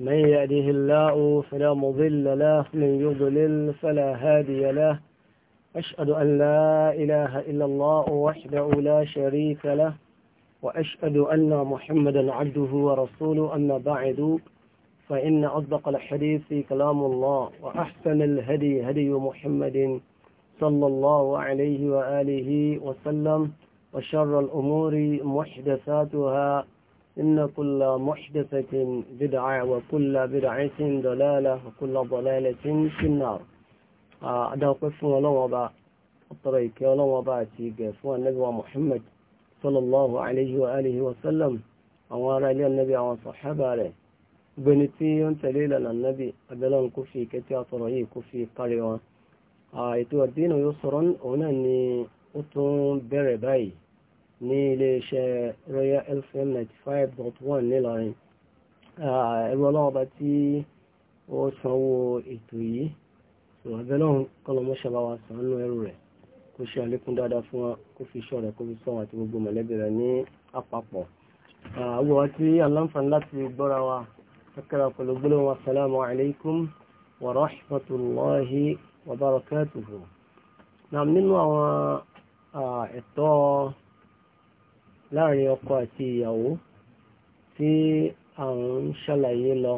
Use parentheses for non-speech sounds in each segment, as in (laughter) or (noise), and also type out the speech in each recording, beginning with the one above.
من يأله الله فلا مضل له من يضلل فلا هادي له أشهد أن لا إله إلا الله وحده لا شريك له وأشهد أن محمدا عبده ورسوله أما بعد فإن أصدق الحديث كلام الله وأحسن الهدي هدي محمد صلى الله عليه وآله وسلم وشر الأمور محدثاتها إن كل محدثة بدعة وكل بدعة ضلالة وكل ضلالة في النار أدوقف ولوضع الطريق وضع تيقف النبي محمد صلى الله عليه وآله وسلم أولا لي النبي وصحابه عليه بنتي أنت ليلة النبي أبلا كفي كتي أطرعي كفي قريوان آيتو الدين يسرا هنا أني أتون بربي ní iléeṣẹ́ Royal FM ninety five dot one nílọrin ẹ̀rọ ọlọ́wọ́ bá tí ó sanwó ètò yìí ọ̀bẹ náà kọlọmọṣẹ́ bá wa sànú ẹrù rẹ̀ kó ṣe àlékún dáadáa fún wa kó fi ṣọ́ rẹ̀ kó fi sọ́wọ́n àti gbogbo mọ̀lẹ́bí rẹ̀ ní àpapọ̀. àwọn wa tí aláǹfààní láti gbọ́ra wa kẹ́kẹ́rẹ́ pẹ̀lú gbólóhùn asalaamu alaykum wa rahmatulahi wa nínú àwọn ẹ̀tọ́ láàrin ọkọ àti ìyàwó tí àwọn ń ṣàlàyé lọ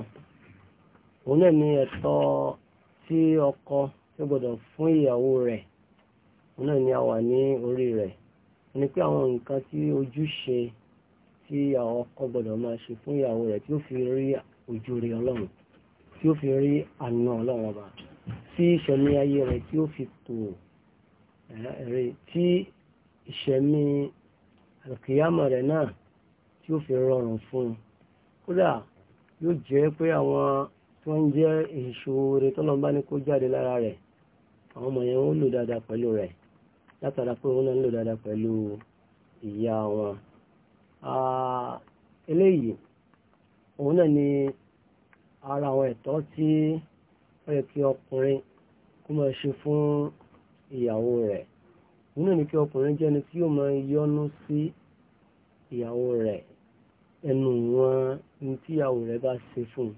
òun náà ni ẹ̀tọ́ tí ọkọ tí gbọ́dọ̀ fún ìyàwó rẹ̀ òun náà ni a wà ní orí rẹ̀ ni pé àwọn nǹkan tí ojúṣe tí àwọn ọkọ gbọ́dọ̀ máa ṣe fún ìyàwó rẹ̀ tí ó fi rí ojú rí ọlọ́run tí ó fi rí àna ọlọ́run ọba tí ìṣẹ̀mí ayé rẹ̀ tí ó fi tò ẹ̀rẹ̀ tí ìṣẹ̀mí àkìyàmọ̀ rẹ̀ náà tí ó fi rọrùn fún un kódà yóò jẹ́ pé àwọn tí wọ́n ń jẹ́ ìṣòro tọ́lọ́mbá ní kó jáde lára rẹ̀ àwọn ọmọ yẹn ń lò dáadáa pẹ̀lú rẹ̀ látara pé òun náà ń lò dáadáa pẹ̀lú ìyá wọn. eléyìí òun náà ni ara àwọn ẹ̀tọ́ tí ó yẹ kí ọkùnrin kó máa ṣe fún ìyàwó rẹ̀ nínú ni kí ọkùnrin jẹ́ ẹni tí yóò máa yọ́nú sí ìyàwó rẹ̀ ẹnu wọn ní tí ìyàwó rẹ̀ bá ṣe fún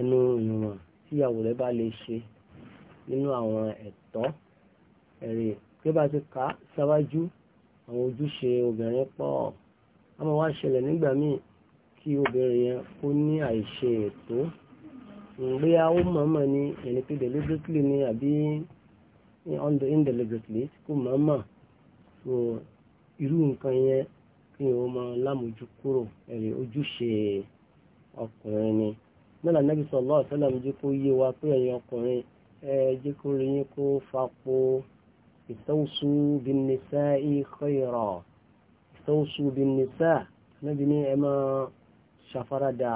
ẹnu ìwọ̀n tí ìyàwó rẹ̀ bá lè ṣe nínú àwọn ẹ̀tọ́ ẹ̀rẹ̀ pé bá ti kà sáwájú àwọn ojúṣe obìnrin pọ̀ a máa wá ṣẹlẹ̀ nígbà míì kí obìnrin yẹn kó ní àìṣe ètò ìgbéyàwó mọ̀ọ́mọ̀ ni ẹni pé deliberately ni àbí on the indeliberately kò máa mà so irú nǹkan yẹn kí ni wọ́n máa lámójú kúrò ẹ̀rí ojúṣe ọkùnrin ni nílà nàbí sallallahu alaihi wasallam jẹ́ kó yé wa pé ẹ̀yin ọkùnrin ẹ jẹ́ kó rí yín kó fapò ìsọ́wọ́sù bin nisa'i khayra ìsọ́wọ́sù bin nisa'i níbi ní ẹ máa ṣàfaradà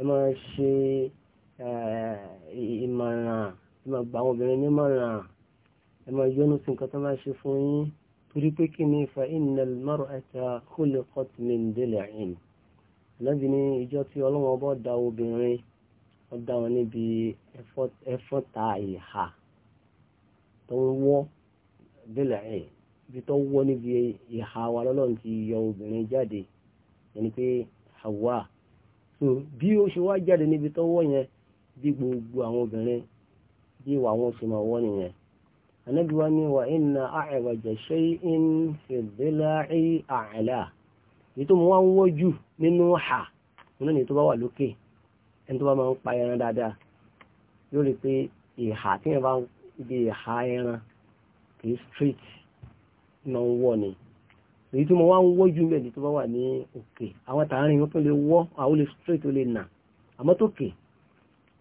ẹ máa ṣe ìmọ̀ràn ẹ máa gbà àwọn obìnrin nímọ̀ràn ẹ máa yọ́nú sí nǹkan tó bá ṣe fún yín torí pé kí ni fa innal mar'ata khuliqat min dil'in lẹ́bi ní ìjọ tí ọlọ́wọ́n bọ́ da obìnrin wọ́n dá wọn níbi ẹ̀fọ́ ta ìhà tó ń wọ́ dil'in ibi tó wọ́ níbi ìhà wa lọ́lọ́run ti yọ obìnrin jáde ẹni pé Hawa so bí ó ṣe wá jáde níbi tó wọ́ yẹn bí gbogbo àwọn obìnrin bí ìwà wọn ṣe máa wọ́ nìyẹn ànábì wa ní wà inna a'waja shay'in fi dhila'i a'la èyí tó mú wá ń wọ́jú nínú ha nínú ní tó bá wà lókè ẹni tó bá máa ń pa ẹran dáadáa lórí pé ìhà tí yẹn bá ń ibi ìhà ẹran kìí street náà ń wọ̀ ni èyí tí mo wá ń wọ́jú mẹ́lì tó bá wà ní òkè àwọn tààrin wọn tó lè wọ́ àwọn lè straight ó lè nà àmọ́ tó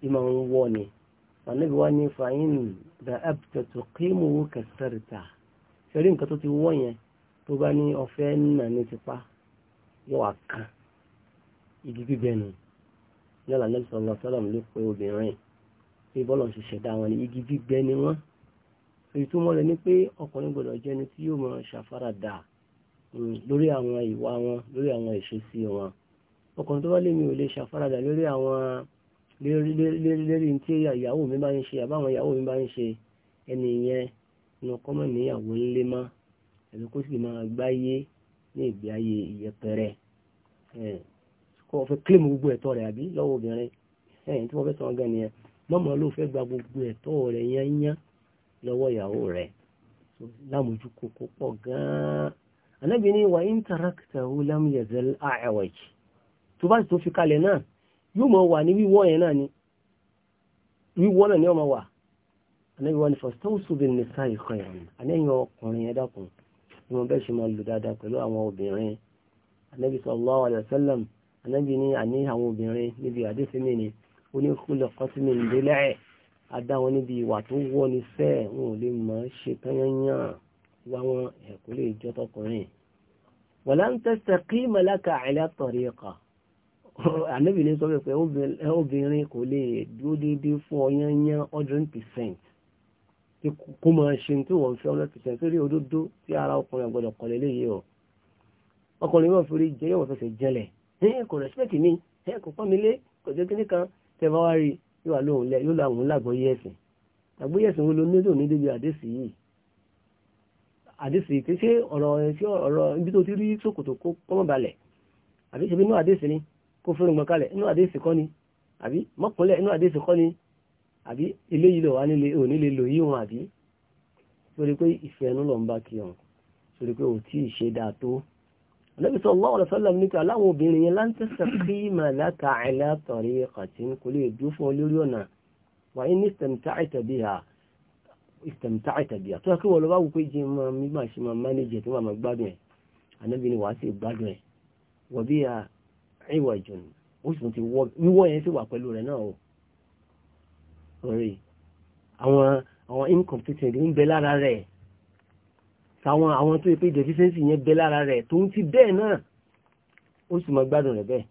ìmọ̀ ń wọ́ ni ànábì wá ní fàáyín da abtẹ̀tù kíìmù kẹsẹ̀rìtà ṣẹ́rí nǹkan tó ti wọ́ yẹn tó bá ní ọ̀fẹ́ nà ní tipa yóò wá kan igi gbígbẹ nù yálà ànábì sallallahu alaihi wasallam ló pe obìnrin pé bọ́lọ̀ ṣe ṣẹ̀dá wọn ní igi gbígbẹ ni wọ́n èyí tó mọ́lẹ̀ ní pé ọkùnrin gbọ́dọ̀ jẹ́ ni tí yóò mọ ṣàfaradà mm, lórí àwọn ìwà wọn lórí àwọn ìṣesí wọn ọkùnrin tó bá lè mi ò lè ṣàfaradà lórí àwọn lérí tí ìyàwó mi bá ń ṣe àbáwọn ìyàwó mi bá ń ṣe ẹni yẹn nu kọ́mọ̀ níyàwó ńlé mọ́ ẹ̀lú kó sì máa gbáyé ní ìgbé ayé ìyẹpẹrẹ kọ́ fẹ́ kílèmù gbogbo ẹ̀tọ́ rẹ̀ àbí lọ́wọ́ obìnrin ẹ̀yìn tí wọ́n fẹ́ sọ wọn gan nìyẹn mọ́mọ́ ló fẹ́ gba gbogbo ẹ̀tọ́ rẹ̀ yányán lọ́wọ́ ìyàwó rẹ̀ lámójú kókó pọ̀ gan anábìíní wa intaraktahu lam yazal a'waj tó bá sì tó fi kalẹ̀ náà yóò mọ̀ wà ní wíwọ́ yẹn náà ni wíwọ́ náà ni ọmọ wà ànábi wọn ni fastawsu bin nisa'i khayran àníyàn ọkùnrin yẹn dákun ni wọn bẹ́ẹ̀ ṣe máa lò dáadáa pẹ̀lú àwọn obìnrin ànábi sallallahu alayhi wa sallam ànábi ní àní àwọn obìnrin níbi àdéfé mi ni ó ní kúlẹ̀ kọ́símì ńlẹ́lẹ́ adá wọn níbi ìwà tó wọ́ ni fẹ́ wọn ò lè mọ̀ ọ́ ṣe kányányán wá wọn ẹ̀kọ́ lè jọ́ tọkùnrin walan tastaqima laka ala tariqa ànábì ní sọ pé obìnrin kò lè dúró déédéé fún ọ yányán hundred percent kó máa ṣe tí wọ́n fi hundred percent sórí òdodo tí ara ọkùnrin àgbọ̀dọ̀ kọ̀ lélẹ́yìí o ọkùnrin yóò fi rí jẹ́ yóò fẹsẹ̀ jẹlẹ̀ ẹ kò respect mi ẹ kò pọ́n mi lé kò jẹ́ kíní kan tẹ bá wá rí yóò wà lóhùn lẹ yóò láwọn lágbọ́yé ẹ̀sìn àgbọ́yé ẹ̀sìn wo ló ní lòun ní débi àdéṣì yìí àdéṣì kì í ṣe ọ̀rọ̀ ṣé ọ̀rọ̀ ibi tó ti rí ṣòkòtò kó kọ́mọ̀balẹ̀ àbí ṣe bí inú àdéṣì ni kó fẹ́ràn gbọ́n kalẹ̀ inú àdéhìsì kọ́ ni àbí mọ́kànlẹ̀ inú àdéhìsì kọ́ ni àbí ilé yìí lọ wá nílé òní lè lò yíwọn àbí sórí pé ìfẹ́ ẹnu lọ ń bá kí hàn sórí pé ò tí ì ṣe dáa tó Ànábì sallallahu alaihi wasallam nípa aláwọn obìnrin yẹn láńtẹ́sẹ̀ kí màláka àìlátọ̀rí kàtín kò lè dúró fún ọ lórí ọ̀nà wà ní istamta'ta biha istamta'ta biha tó yà tó ìwà ìjọ ni ó sì ti wọ wíwọ́ yẹn sì wà pẹ̀lú rẹ̀ náà o rí àwọn àwọn incompetent ń bẹ lára rẹ̀ sàwọn àwọn tó yẹ pé deficiency yẹn bẹ lára rẹ̀ tó ń ti bẹ́ẹ̀ náà ó sì máa gbádùn rẹ̀ bẹ́ẹ̀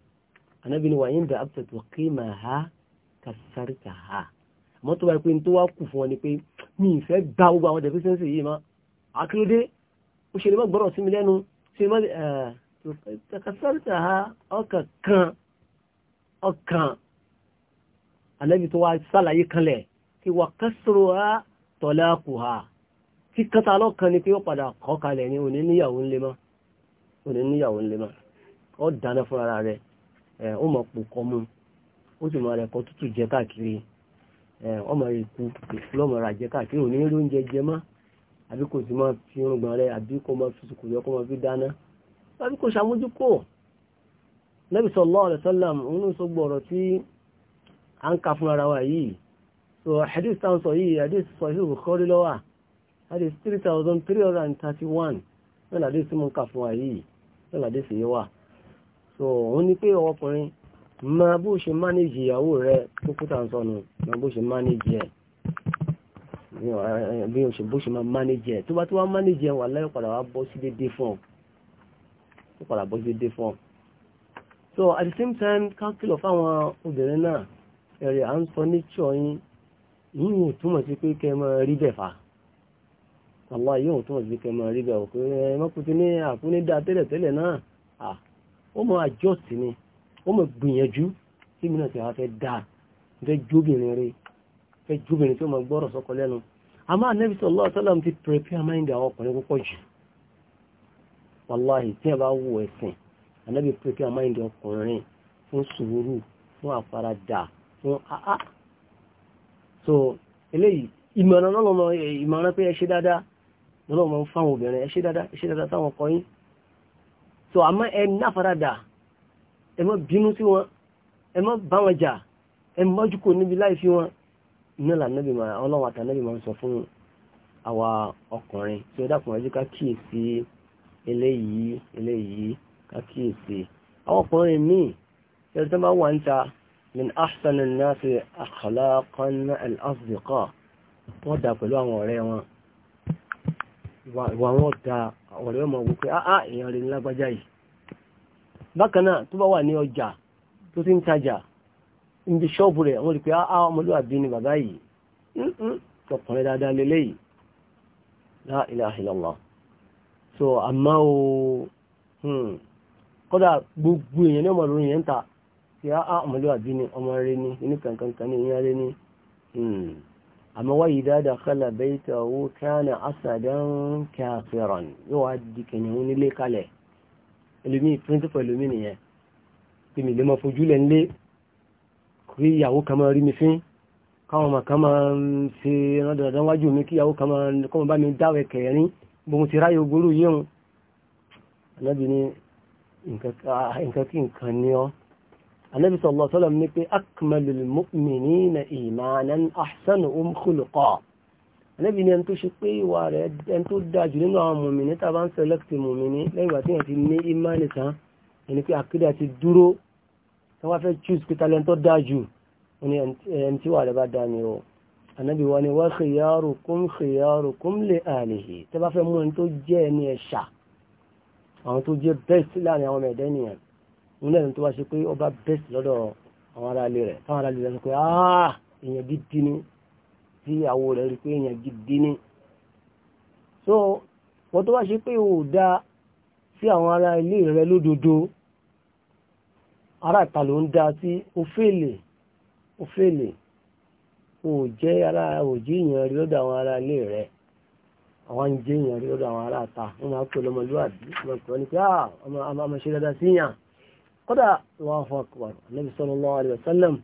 anábì ni wàyí ń da àpẹtù kí màá ha kàṣíṣárí kà ha àmọ́ tó bá pé tó wá kù fún wọn ni pé mi ìfẹ́ gba gbogbo àwọn deficiency yìí mọ́ àkílódé ó ṣe lè má gbọ́dọ̀ sí mi lẹ́nu ṣe lè má ha ọkàn kan ọkan alẹ́bí tó wá sálàyé kanlẹ̀ kí wà kásòrò ha tọ́lá kù ha kí kátà lọ́kàn ni kí ó padà kọ́ kalẹ̀ ní òní níyàwó ńlẹ́ mọ́ òní níyàwó ńlẹ́ mọ́ ọ rẹ̀ ẹ̀ ó mọ̀ pò kọ́ mú ó sì mọ̀ rẹ̀ kọ́ tútù jẹ káàkiri ọmọ ikú lọ́mọ ra jẹ káàkiri òní rí oúnjẹ jẹ mọ́ àbí kò sí fi irun rẹ̀ àbí kò fi sùkùn fi dáná tàbí kò ṣàmójúkò Nabi sallallahu alaihi wasallam òun sọ gbọ́rọ̀ tí a ń ka fún ara wa yìí so hadith tán sọ yìí hadith sọ yìí Bukhari ló wà hadith 3331 lọ́nà hadith tí mo ń ka fún wa yìí lọ́nà hadith yìí wà so òun ni pé ọkùnrin ma bó ṣe mánéjì ìyàwó rẹ kókó tàn sọnù ma bó ṣe mánéjì ẹ̀ bí o ṣe bó ṣe máa mánéjì ẹ̀ tó bá tó wá mánéjì ẹ̀ wà láyé padà wá bọ́ sí déédéé fún ọ ó padà bọ́jú dé fún ọ. so at the same time ká kìlọ̀ fáwọn obìnrin náà ẹ̀rẹ̀ à ń sọ ní tíọ̀ yín yìí ò túmọ̀ sí pé kẹ́ máa rí bẹ̀ fà àwọn yìí ò túmọ̀ sí pé kẹ́ máa rí bẹ̀ òkú ẹ mọ́kùtì ní àkúní dá tẹ́lẹ̀ tẹ́lẹ̀ náà à ó mọ adjust ni ó mọ gbìyànjú tí mi náà ti wá fẹ́ dáa fẹ́ jóbìnrin rí fẹ́ jóbìnrin tí ó mọ gbọ́rọ̀ sọ́kọ lẹ́nu àmọ́ ànẹ́bí sallallahu alaihi wasallam ti prepare mind àwọn wàláhì tí ẹ bá wo ẹ̀sìn ànábì pé kí ọmọ ìdí ọkùnrin fún sùúrù fún àfaradà fún àá so eléyìí ìmọ̀ràn lọ́lọ́mọ ìmọ̀ràn pé ẹ ṣe dáadáa lọ́lọ́mọ fáwọn obìnrin ẹ ṣe dáadáa ẹ ṣe so àmọ́ ẹ náfaradà ẹ má bínú sí wọn ẹ má bá wọn jà ẹ mọ́jú kò níbi láì fi wọn iná là nábì máa ọlọ́wọ́ àtànábì máa ń sọ fún àwa ọkùnrin tí ó dàpọ̀ ẹjọ́ ká kíyèsí eléyìí eléyìí kákíyèsí àwọn ọkùnrin míì tẹ́lẹ̀ tó bá wà ń ta min ahsan an-nasi akhlaqan al-asdiqa wọ́n dà pẹ̀lú àwọn ọ̀rẹ́ wọn ìwà wọn da ọ̀rẹ́ ọmọ wípé áá èèyàn rẹ̀ lágbájá yìí bákan náà tó bá wà ní ọjà tó ti ń tajà níbi ṣọ́ọ̀bù rẹ̀ wọ́n rí pé áá ah, ah, ọmọlúwàbí ni bàbá yìí tọkùnrin dáadáa lélẹ́yìí la so àmọ́ o hmm. kódà gbogbo èèyàn ní ọmọ lórí yẹn ta kí á á ọmọlúwàbí ni ọmọ rẹ ni inú kankankan ní ìyá rẹ ni hmm. àmọ́ wáyé dáadáa kálà bẹ́ẹ̀ tó owó kánà asàdán káfíran yóò wá di kẹ̀yìn nílé kalẹ̀ ẹlòmí píríncípọ̀ ẹlòmí nìyẹn tí mi lè máa fojú lẹ̀ ńlé kí ìyàwó kan máa rí mi fín káwọn ọmọ kan máa ń ṣe rán dandan wájú mi kí ìyàwó kan máa bá mi bóun ti ráyè ogoro yíyàn anábì ní nǹkan kí nǹkan ní ọ́ anábì sallallahu alaihi wasallam ní pé akmalul mu'minina imanan ahsanuhum khuluqa anábì ní ẹni tó ṣe pé ìwà rẹ̀ ẹni tó dáa jù nínú àwọn mùmìnì tàbá ń sẹlẹ́kìtì mùmìnì lẹ́yìn ìgbà tí wọ́n ti ní ìmánì tán ẹni pé àkídà ti dúró tí wọ́n fẹ́ choose pé talent tó dáa jù ẹni tí wà rẹ̀ bá dáa ni o ànábì wọn ni wa khiyarukum khiyarukum li ahlihi tẹ́ bá fẹ́ mú ẹni tó jẹ́ ẹni ẹ̀ṣà àwọn tó jẹ́ bẹ́ẹ̀sì láàrin àwọn ẹ̀dẹ́ nìyẹn wọn náà tó wá ṣe pé ọba bẹ́ẹ̀sì lọ́dọ̀ àwọn ará rẹ̀ táwọn ará rẹ̀ sọ pé ah, èèyàn gidi ni tí àwọ̀ rẹ̀ rí pé èèyàn gidi ni so wọ́n tó wá ṣe pé ò dá sí àwọn ará ilé rẹ̀ lódodo ará ìta ló ń dá sí òfèlè òfèlè ò jẹ́ ara òjì èèyàn rí lọ́dọ̀ àwọn ará ilé rẹ̀ àwọn ń jẹ́ èèyàn rí lọ́dọ̀ àwọn ará ta wọ́n máa pè lọ́mọlúwàbí wọ́n pè ní pé àmọ́ ah, ṣe dáadáa sí yàn kódà wọ́n fọ́ ọkọ̀ ànábì sallallahu alaihi wasallam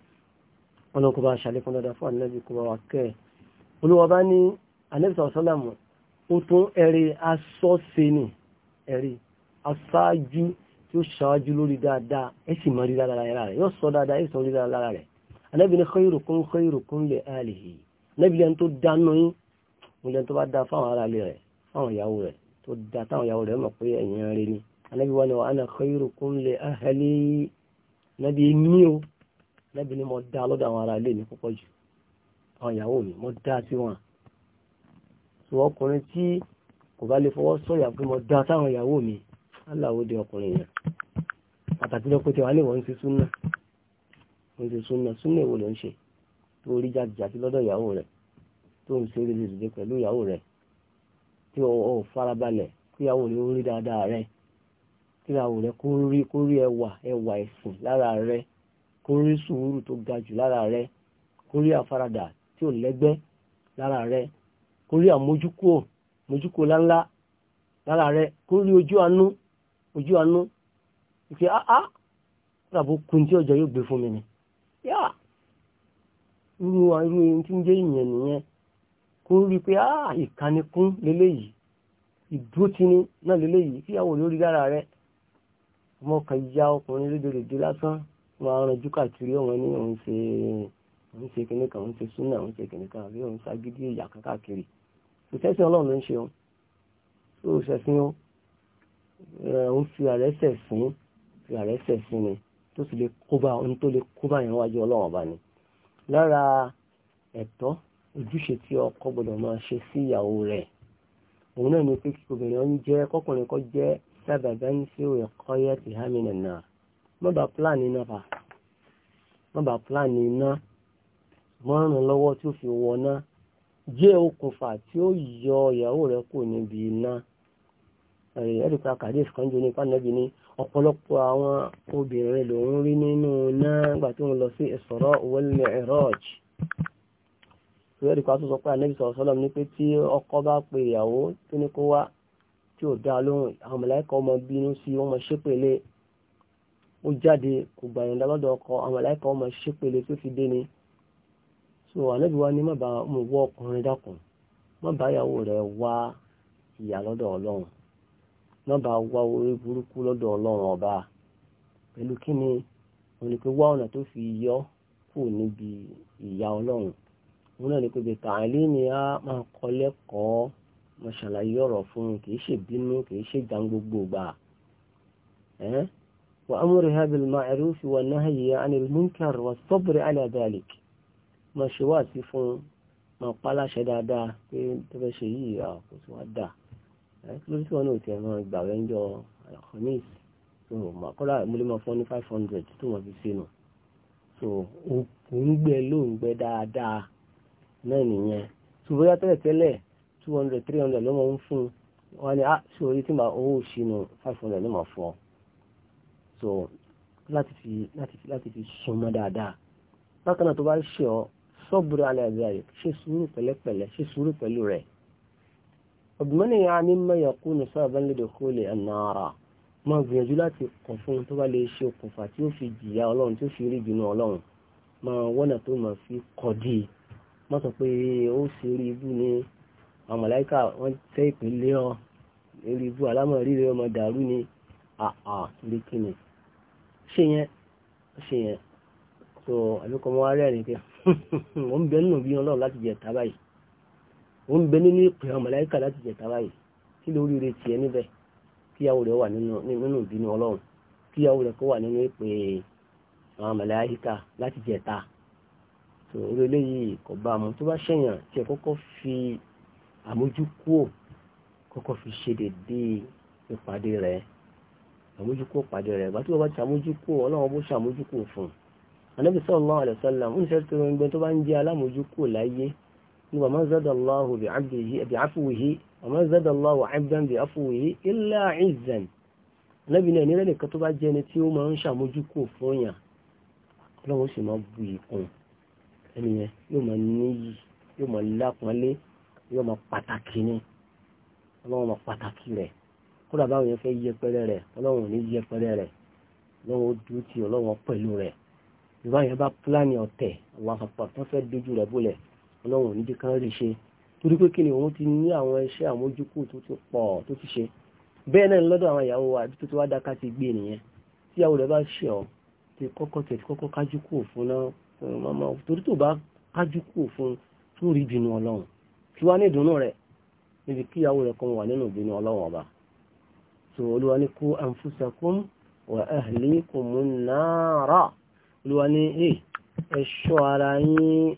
wọn lórí dáadáa ẹ̀ sì rí lára rẹ̀ yóò sọ dáadáa ẹ̀ rí lára rẹ̀ anábì ní khairukum khairukum li alihi anábì lẹ́nu tó dáná yín mo lẹ́nu tó bá dá fáwọn ará ilé rẹ̀ fáwọn ìyàwó rẹ̀ tó dá táwọn ìyàwó rẹ̀ mọ̀ pé ẹ̀yìn rẹ̀ ni anábì wà ní wa ana khairukum li ahli anábì ní o anábì ní mo dá lọ́dọ̀ àwọn ará ilé mi púpọ̀ jù àwọn ìyàwó mi mo dá sí wọn sọ ọkùnrin tí kò bá lè fọwọ́ sọ̀yà pé mo dá táwọn ìyàwó mi aláwòde ọkùnrin yẹn pàtàkì lọ́kùnrin tí wà ní ìwọ̀n ń ṣe súnà ń ṣe súnà súnà èwo ló ń ṣe tó rí jàdìjàdì lọ́dọ̀ ìyàwó rẹ̀ tó ń ṣe rèé rèé pẹ̀lú ìyàwó rẹ̀ tí o ò farabalẹ̀ kí ìyàwó rẹ̀ ó rí dáadáa rẹ̀ kí ìyàwó rẹ̀ kó rí kó rí ẹwà ẹwà ẹ̀sìn lára rẹ̀ kó rí sùúrù tó ga jù lára rẹ̀ kó rí àfaradà tí ò lẹ́gbẹ́ lára rẹ̀ kó rí àmójúkò mójúkò láńlá lára rẹ̀ kó rí ojú àánú ojú àánú ìfẹ́ áá ràbó kun tí ọjọ́ yóò gbé fún mi ni yá irú irú ẹni tí ń jẹ́ ìyẹn nìyẹn kó rí pé áà ah, ìkánikún leléyìí ìdúrótini náà leléyìí kíyàwó lórí dára rẹ ọmọ kan ya ọkùnrin rédèrèdè lásán wọn aràn jù káàkiri ọmọ ní òun ṣe òun ṣe kìnnì kan òun ṣe súnà òun ṣe kìnnì kan àbí òun ṣagídí ìyà kan káàkiri ìṣẹ́sìn ọlọ́run ló ń ṣe òun tó ṣẹ̀sìn òun fi àrẹ́sẹ̀ fún fi àrẹ́sẹ̀ fún ni. tó sì lè kóbá ohun tó lè kóbá yẹn wájú ọlọ́run ọba ni lára ẹ̀tọ́ ojúṣe tí ọkọ gbọdọ̀ máa ṣe sí ìyàwó rẹ̀ òun náà ni pé kí obìnrin ọ̀hún jẹ́ kọkùnrin kọ́ jẹ́ sábàbá ń òwe ti má bàa iná fà má bàa iná lọ́wọ́ tí ó fi Eh, ẹ̀ríkà kàdíf kan jẹ́ nípa nàbí ní ọ̀pọ̀lọpọ̀ àwọn obìnrin lòun rí nínú náà nígbà tí wọ́n lọ sí Isra wal Mi'raj ẹ̀ríkà tó sọ pé ànábì sọ̀rọ̀ sọ́lọ́m ní pé tí ọkọ bá pe ìyàwó tó ní kó wá tí ò dá lóhùn àwọn mọ̀láìkà ọmọ bínú sí ọmọ ṣépele ó jáde kò gbàyàn ni so ànábì wa ní má bá ọmọ ìwọ ìyàwó rẹ̀ wá ìyà lọ́dọ̀ ọlọ́run má bàa wá orí burúkú lọ́dọ̀ ọlọ́run ọba pẹ̀lú kí ni òun ni wá ọ̀nà fi yọ kù níbi ìyá ọlọ́run òun náà ni tààlé ni a máa kọ lẹ́kọ̀ọ́ mo ṣàlàyé ọ̀rọ̀ fún un kì í ṣe bínú kì í ṣe jan gbogbo gbà wa ha bil ma'ruf wa mo ṣe wá sí fún un mo pa láṣẹ dáadáa pé tó fẹ́ ṣe kò wá dáa. lórí tí wọn náà ti ẹ̀rọ ìgbà rẹ̀ ń jọ alakhamis tó wọn mọ akọ́dà múlẹ́mọ fún ní five hundred tó wọn fi sínú so òun gbẹ lóun gbẹ dáadáa náà nìyẹn tó bóyá tẹ́lẹ̀ tẹ́lẹ̀ two hundred three hundred ló máa ń fún wọn ni ah ṣé orí tí màá owó sínú five hundred ló máa fún ọ so láti fi láti fi láti fi súnmọ́ dáadáa bákan náà tó bá ṣe ọ sọ́bùrù alẹ́ àgbẹ̀ rẹ̀ ṣe sùúrù pẹ̀lẹ́pẹ̀lẹ́ ṣe sùúrù pẹ̀lú rẹ̀ ọ̀gbọ́n yà ní mẹ́yà kú ní sábà lè dẹ̀kú lè ẹ̀nàrà máa gbìyànjú láti kọ̀ fún tó bá lè ṣe okùnfà tí ó fi jìyà ọlọ́run tí ó fi rí ìbínú ọlọ́run máa wọ́nà tó máa fi kọ̀dí má sọ pé ó ṣe rí ibú ni àwọn màláíkà wọ́n tẹ́ ìpínlẹ̀ ọ rí ibú alámọ̀rí rẹ̀ ọmọ dàrú ni àà lè kí ṣe yẹn ṣe yẹn so àbíkọ́ mọ́ wá rẹ̀ rìn pé (laughs) mo ń bẹ nínú bí ọlọ́run láti jẹ tábàyìí ó ń bẹ nínú ìpè àwọn màláíkà láti jẹ̀ta báyìí kí lórí rẹ̀ tiẹ̀ níbẹ̀ kíyàwó rẹ̀ wà nínú ìbínú ọlọ́run kíyàwó rẹ̀ kó wà nínú ìpè àwọn màláíkà láti jẹ̀ta tó orí eléyìí kò bá mu tó bá ṣẹ̀yàn tí ẹ kọ́kọ́ fi àmójúkúò kọ́kọ́ fi ṣe dédé ìpàdé rẹ̀ àmójúkúò pàdé rẹ̀ bá tí wọ́n bá ti àmójúkúò ọlọ́run bó ṣàmójúkúò fún un Ànábì sallallahu alaihi wasallam ń ṣe tó ń gbẹ tó bá ń jẹ́ alámójúkúò láyé ni wa ma zadallahu bi afuwihi wa ma zadallahu abdan bi afuwihi illa izzan lẹ́bi náà nílẹ̀ nìkan tó bá jẹ́ ẹni tí ó máa ń ṣàmójúkò fún yàn ọlọ́run sì máa bu ìkun ẹni yẹn yóò máa níyì yóò máa lápọ́nlé yóò máa pàtàkì ni ọlọ́run máa pàtàkì rẹ̀ kódà báwọn yẹn fẹ́ yẹpẹrẹ rẹ̀ ọlọ́run ní yẹpẹrẹ rẹ̀ ọlọ́run ó dúró ti ọlọ́run pẹ̀lú rẹ̀ ìwà yẹn bá pílánì ọ̀tẹ̀ àwọn àpapọ̀ tó fẹ́ dojú rẹ̀ bólẹ̀ ọlọ́run níbi kan rí ṣe torí pé kí ni òun ti ní àwọn iṣẹ́ àmójúkù tó ti pọ̀ tó ti ṣe bẹ́ẹ̀ náà lọ́dọ̀ àwọn ìyàwó wa àbí tó ti wá dáká ti gbé nìyẹn tí ìyàwó rẹ̀ bá ṣe ọ́ ti kọ́kọ́ tẹ̀ kọ́kọ́ kájú kù fún náà torí tó bá kájú kù fún tó rí ìdùnnú ọlọ́run tí wá ní ìdùnnú rẹ̀ níbi kí ìyàwó rẹ̀ kan wà nínú ìdùnnú ọlọ́run ọba tó olúwa ní kú anfusakum wa ahlikum náírà olúwa ní ẹ ṣọ́ ara yín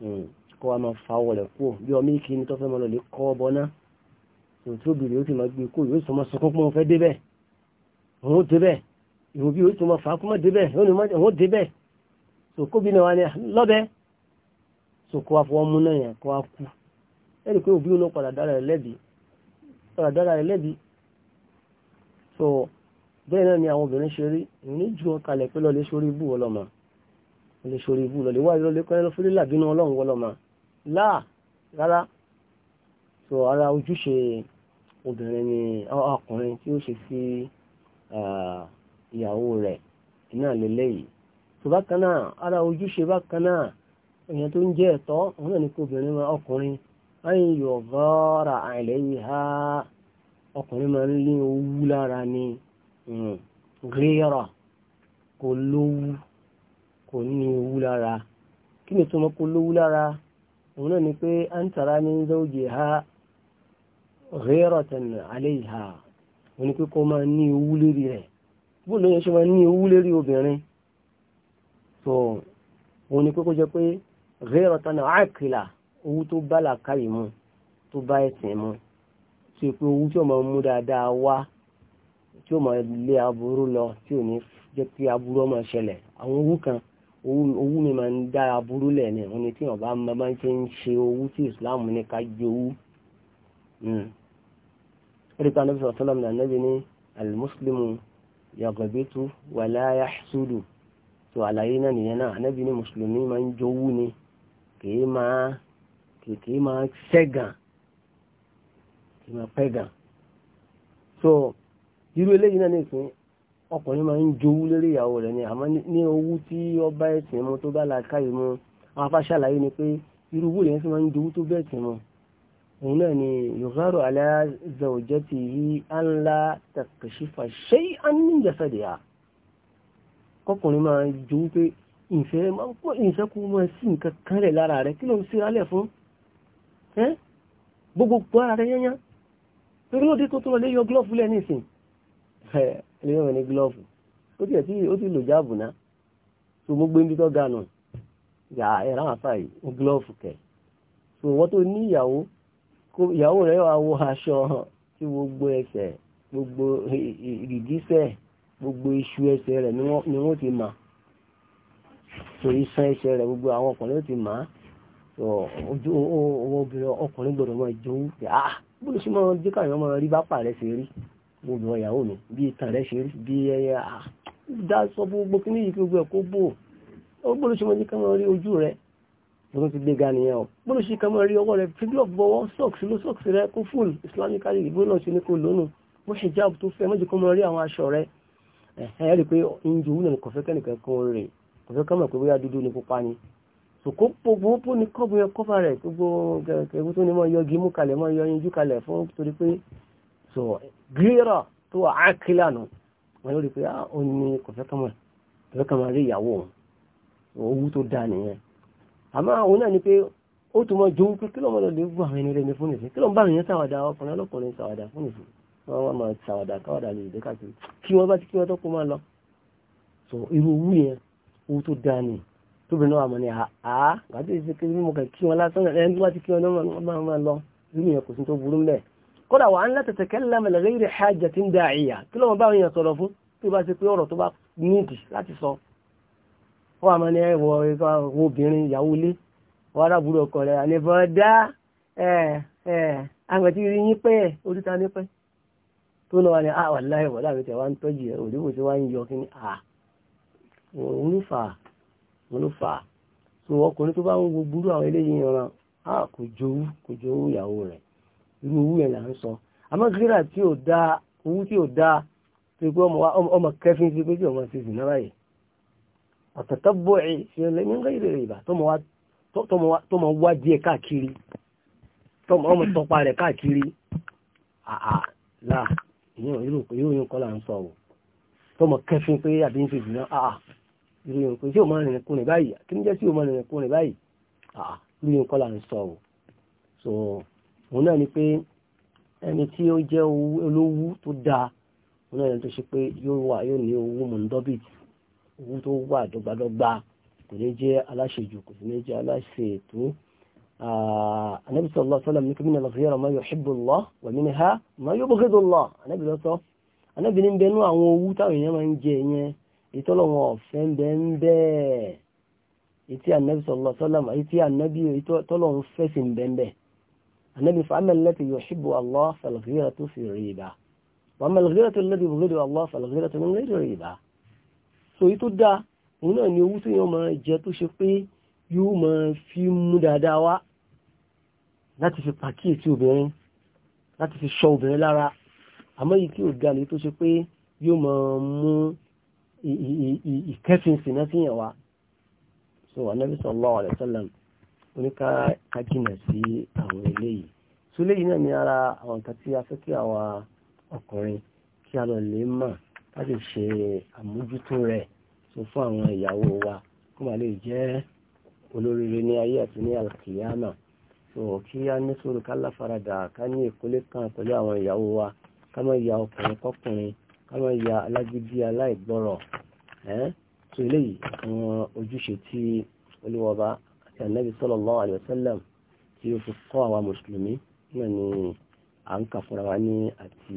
Hmm. kọ́ wa máa fa wọlẹ̀ kú bí ọmọ ìkí ni tó fẹ́ máa lọ lè kọ́ ọbọ náà hmm, tí obìnrin ó ti máa gbé kú yóò sọ máa sọkún pé wọ́n fẹ́ débẹ̀ òun ó débẹ̀ ìwọ̀n bí yóò tó máa fà á kó má débẹ̀ òun ó débẹ̀ sòkóbi náà ah, wà ní lọ́bẹ̀ sòkó wa fọwọ́ mú náà yẹn kó wa kú ẹ̀rì pé òbí náà padà dára rẹ̀ lẹ́bi padà dára rẹ̀ lẹ́bi so bẹ́ẹ̀ náà ni àwọn obìnrin ṣe rí ìrìn jù wọn kalẹ̀ pé lọ́ọ́ lè ṣorí ibú ọlọ́mọ lè ṣorí ibú lọ lè wá ìlọlẹ kọ́ lọ fúnlẹ̀ làbínú ọlọ́run wọlọ́ mà láà rárá so ara ojúṣe obìnrin ni ọkùnrin tí ó ṣe sí ìyàwó rẹ̀ náà lélẹ́yìí so bákan náà ara ojúṣe bákan náà èèyàn tó ń jẹ́ ẹ̀tọ́ òun náà ní kó obìnrin máa ọkùnrin ayin yóò gọ́ọ̀rà àìlẹ́yìí ha ọkùnrin máa ń lé owú lára ni mm, gírẹ́rà kò lówú kò ní owú lára kí ni tó mọ́ kó lówú lára òun náà ni pé à ń tara ní zọ́ọ̀jì ha rẹ́rọ̀tàn alẹ́ ìhà òun ni pé kó máa ní owú lérí rẹ̀ bó lóyún ṣe máa ní owú lérí obìnrin tó òun ni pé kó jẹ pé rẹ́rọ̀tàn àkìlà owú tó bá làkàyè mu tó bá ẹ̀sìn mu tí pé owú tí ó máa mú dáadáa wá tí ó máa lé aburú lọ tí ò ní jẹ́ kí aburú ó ṣẹlẹ̀ àwọn owú kan owó mi máa ń dára burú lẹ̀ ni òun ni tí wọn bá máa ń ṣe ń ṣe owó tí Islam ní ká jẹ owó. Ẹ̀ríkà Nàbí Sọ̀tọ́lọ́mù náà Nàbí ní Al-Muslimu Yàgọ̀bẹ́tù wàlá yahsudu. Tó àlàyé náà nìyẹn náà Nàbí ní Mùsùlùmí máa ń jowú ni kìí máa kìí máa ṣẹ́gàn kìí máa pẹ́gàn. So irú eléyìí náà nìsín ọkùnrin máa ń jowú lérí ìyàwó rẹ̀ ni àmọ́ ní owú tí ọba ẹ̀sìn mu tó bá la káyè mu àwọn afáṣàlàyé ni pé irú owó lẹ́yìn tí máa ń jowú tó bẹ́ẹ̀ sìn mu òun náà ni yugharu ala zawjatihi an la takshifa shay'an min jasadiha kọkùnrin máa jowú pé ìfẹ́ ìfẹ́ kó máa sí nǹkan kan rẹ̀ lára rẹ̀ kí ló ń síralẹ̀ fún gbogbo ara rẹ̀ yányá torí lóde tó tó lọ lé yọ glove lẹ́ nísìnyí ẹ ẹni yóò ní gílọ́ọ̀fù ó tiẹ̀ tí ó ti lò jáàbù náà tó mú gbé ń bí tọ́ ga nù yà ẹ̀rọ àfà yìí ní gílọ́ọ̀fù kẹ̀ tó wọ́n tó ní ìyàwó kó ìyàwó rẹ̀ wá wọ aṣọ tí gbogbo ẹsẹ̀ gbogbo ìrìgísẹ̀ gbogbo iṣu ẹsẹ̀ rẹ̀ ni wọ́n ti mà tó iṣan ẹsẹ̀ rẹ̀ gbogbo àwọn ọkùnrin ti mà á ojú owó obìnrin ọkùnrin gbọdọ̀ máa jowú pé ah bó ló gbogbo ìyàwó mi bí ìtàn rẹ̀ ṣe rí bí ẹyẹ dá sọ gbogbo kí ní yìí kí gbogbo ẹ̀ kó bò ó gbọ́dọ̀ ṣe wọ́n ní ká máa rí ojú rẹ̀ ló ti gbé ga nìyẹn o gbọ́dọ̀ rí ọwọ́ rẹ̀ fídíò bọ́wọ́ socks ló socks rẹ̀ kó full islamically ìbò náà ṣe ní kó lónù bó ṣe hijab tó fẹ́ mọ́jú kó máa rí àwọn aṣọ rẹ̀ ẹ̀ rí pé injú wúlò ní kọ̀fẹ́ kẹ́nìkan kan rè kọ̀fẹ́ ká mọ̀ ni pupa ni sòkó gbogbo ní kọ́bù yẹn kọ́fà rẹ̀ gbogbo kẹ̀kẹ́ tó ní mọ́ yọ gímú kalẹ̀ mọ́ yọ yín jú kalẹ̀ fún torí pé so gírà tó wà ákílà nù wọ́n yóò rí pé ah, ó ní kò fẹ́ kọ́mọ̀ fẹ́ kọ́mọ̀ rí ìyàwó òwú tó dá nìyẹn àmọ́ òun náà ni pé ó tún mọ jòun pé kílọ̀ mọ́lọ́dé gbọ́ àwọn ẹni rẹ̀ ní fún nìsín kílọ̀ ń bá àwọn èèyàn ṣàwàdà ọkùnrin ọlọ́kùnrin ṣàwàdà fún nìsín wọ́n wá máa ṣàwàdà káwàdà lè dé káàkiri kí wọ́n bá ti kí wọ́n tó máa lọ so irú owó yẹn owó tó dáa ni tóbi náà àmọ́ ah, ah, ni àá gbàdúrà ìṣe kí wọ́n lásán ẹni tó bá ti kí wọ́n máa lọ irú yẹn kò sí tó burú mẹ́ẹ̀ kódà wà á ń látẹ̀tẹ̀ kẹ́lá mẹ́lẹ̀gẹ́rẹ́ hajjá tí ń da àìyà kí lọ́wọ́ bá èèyàn sọ̀rọ̀ fún tó bá ṣe pé ọ̀rọ̀ tó bá nídìí láti sọ wọ́n àmọ́ ní ẹ̀wọ̀ obìnrin ìyàwó ilé wọ́n arábùrú ọkọ rẹ̀ àníbọ̀ dá àwọn tí rí yín pẹ́ oríta ní pẹ́ tó lọ́wọ́ ni àwọn aláìwọ̀ láti tẹ̀ wá ń tọ́jú ẹ̀ òdìbò tí wọ́n ń yọ kí ni à kò jowú kò jowú ìyàwó rẹ̀ irú owó yẹn là ń sọ àmọ́ gírà tí ò da owó tí ò da tó pé ọmọ kẹfín sí pé tí ọmọ ṣe zìnà báyìí ọ̀tọ̀tọ̀ bọ̀ ẹ̀ ṣe lẹ́yìn ń gbé ìrìbà tó mọ wá díẹ̀ káàkiri tó mọ ọmọ tọpa rẹ̀ káàkiri àà là irú yóò kọ́ là ń sọ ọ̀ tó mọ kẹfín pé àbí ń ṣe zìnà àà irú yóò pé tí ò mọ rìnrìn kùnrin báyìí kí ń jẹ́ sí ò mọ rìnrìn kùnrin báyìí àà irú yóò kọ́ ń sọ ọ̀ òun náà ni pé ẹni tí ó jẹ́ olówú tó dáa òun náà ni tó ṣe pé yóò wà yóò ní owó mọ̀ndọ́bìt owó tó wà dọ́gbadọ́gba kò ní jẹ́ aláṣejù kò ní jẹ́ aláṣetò anabi sallallahu alaihi wasallam ní kí minal ghira ma yuhibbu Allah wa minha ma yubghidu Allah anabi lọ́tọ́ anabi ní bẹnu àwọn owó táwọn èèyàn máa ń jẹ yẹn ìtọ́lọ́wọ́n ọ̀fẹ́ ń bẹ ń bẹ́ẹ̀ ìtí anabi sallallahu alaihi wasallam ìtí anabi ìtọ́lọ́wọ́n fẹ́ sí ń bẹ́ẹ̀ bẹ́ẹ̀ النبي فأما التي يحب الله فالغيرة في الريبة وأما الغيرة الذي يبغض الله فالغيرة من غير الريبة so yìí tó dáa òun náà ni owó tó yàn máa jẹ tó ṣe pé yóò máa fi mú dáadáa wá láti fi pàkíyèsí obìnrin láti fi ṣọ́ obìnrin lára àmọ́ yìí tí ò ga lè tó ṣe pé yóò máa mú ìkẹ́fìn sínú sí yàn wá so anabi sallallahu alayhi wa sallam oníká kájìnà sí àwọn eléyìí tó léyìí náà ní ara àwọn nǹkan tí a fẹ́ kí àwa ọkùnrin kí a lọ lè mọ̀ ká ṣe àmójútó rẹ̀ tó fún àwọn ìyàwó wa kó má lè jẹ́ olóríire ní ayé àti ní alkiyama tó kí a ní sùúrù ká láfaradà ká ní ìkólé kan pẹ̀lú àwọn ìyàwó wa ká má ya ọkùnrin kọkùnrin ká má ya alágídí aláìgbọ́rọ̀ ẹ́ tó eléyìí àwọn ojúṣe tí olúwọba tí Ànábì sallallahu alaihi wasallam tí ó fi kọ́ àwa mùsùlùmí náà ni à ń kà fúnra wa ní àti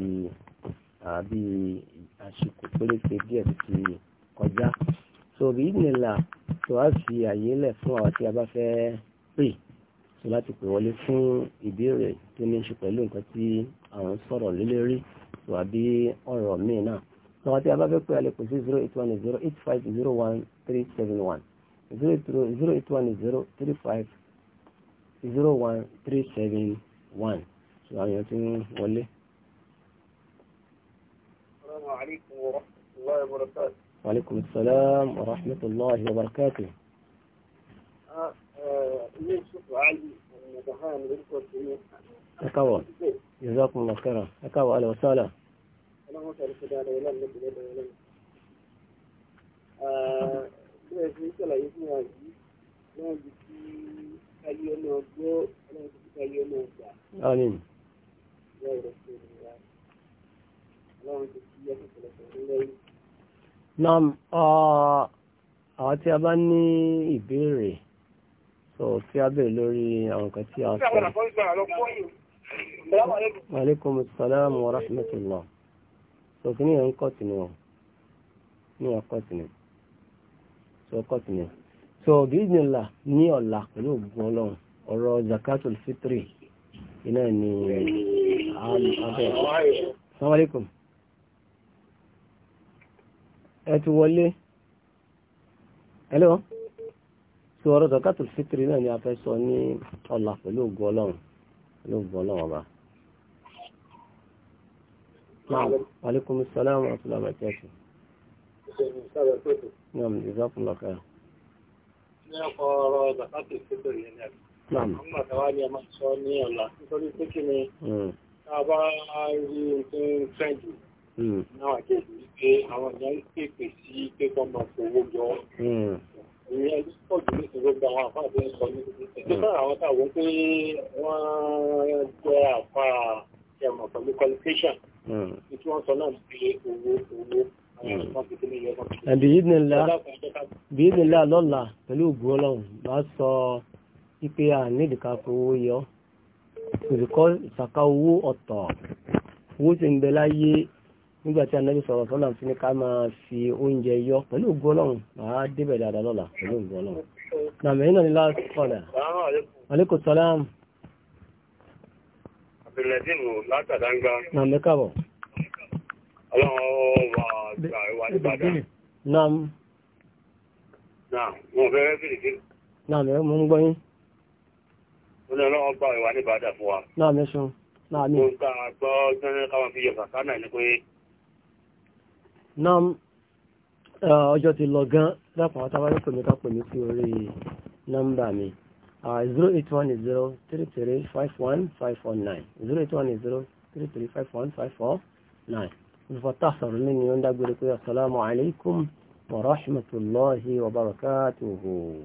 àbí àsìkò péréte díẹ̀ ti kọjá so bí ìdìnnìlà tó wá fi àyè lẹ̀ fún àwọn tí a bá fẹ́ pè so láti pè wọlé fún ìbéèrè tó ní í ṣe pẹ̀lú nǹkan tí àwọn sọ̀rọ̀ lélẹ́rí so àbí ọ̀rọ̀ míì náà so àwọn tí a bá fẹ́ pè a lè pè sí zero eight one zero eight five zero one three seven one. زيرو زيرو ايت وان ورحمة الله وبركاته وعليكم السلام ورحمة الله وبركاته جزاكم الله خيرا أكوان أهلا وسهلا أهلا وسهلا أهلا وسهلا أهلا bẹ́ẹ̀ fi ṣàlàyé fún wa yìí náà di kí ayé ọmọ gbọ́ náà di kí ayé ọmọ gbà. Amin. Nam àwọn tí a bá ní ìbéèrè so tí a béèrè lórí àwọn nǹkan tí a sọ. Aleykum salaam wa rahmatulah. So kí ni ẹ̀ ń kọ́ tì ní ọ̀? Ní ẹ̀ kọ́ tì ní so cut ni so bismillah ní ọ̀la pẹ̀lú ògùn ọlọ́run ọ̀rọ̀ zakatul fitri iná ni abẹ́ assalamu alaikum wọlé hello so ọ̀rọ̀ zakatul fitri náà ni a fẹ́ sọ ní ọ̀la pẹ̀lú ògùn ọlọ́run pẹ̀lú ògùn ọlọ́run ọba. Wa alaikumus salam wa rahmatullahi wa barakatuh. Nàà ìzákùnlá ká. Ní ọkọ̀ ọ̀rọ̀ Zakati Fito yìí ni Nàà. Nígbà tí wá ní ẹmọ sọ ní ọ̀la, nítorí pé kí ni a bá rí ní Fẹ́ǹdì náà kéèkì pé àwọn èèyàn ń pèpè sí pé kọ́ máa fowó jọ. Ìyẹn pọ̀ jù ní ìṣòro gba àwọn àfáà tó ń sọ ní ìṣẹ́ àwọn táwọn pé wọ́n jẹ́ àfáà ẹ̀mọ̀ pẹ̀lú qualification. Ìtú wọn sọ náà ń pe owó owó bí ìdí ńlá lọ́la pẹ̀lú ògbó ọlọ́run bá sọ wípé a nídìí ká fowó yọ òsìkọ́ ìsàká owó ọ̀tọ̀ owó sì ń bẹ láyé nígbà tí anábì sọ̀rọ̀ sọ́nà sí ni ká máa fi oúnjẹ yọ pẹ̀lú ògbó bá débẹ̀ dáadáa lọ́la pẹ̀lú ògbó ọlọ́run. nàmì iná ni láti kọ̀dà. aleykum salaam. abdulladeen látàdáńgá. nàmì káàbọ̀. ọlọ́run wà Naam. Naam, mo fẹ́ bèrè kí. Naam, ẹ mo ń gbọ́ yín. Ó ní ọlọ́wọ́ gbà ìwà ní Ìbàdàn fún wa. Naam, ẹ ṣeun. Naam, mi. Mo ń gbà gbọ́ jẹ́rẹ́ káwọn fi yọ kàkà náà ní pé. ọjọ́ ti lọ gan lápá wọ́n tábàlẹ́ pèmí ká pèmí sí orí nọ́mbà mi. 08103351549 08103351549. فتحصل مني ونقول السلام عليكم ورحمة الله وبركاته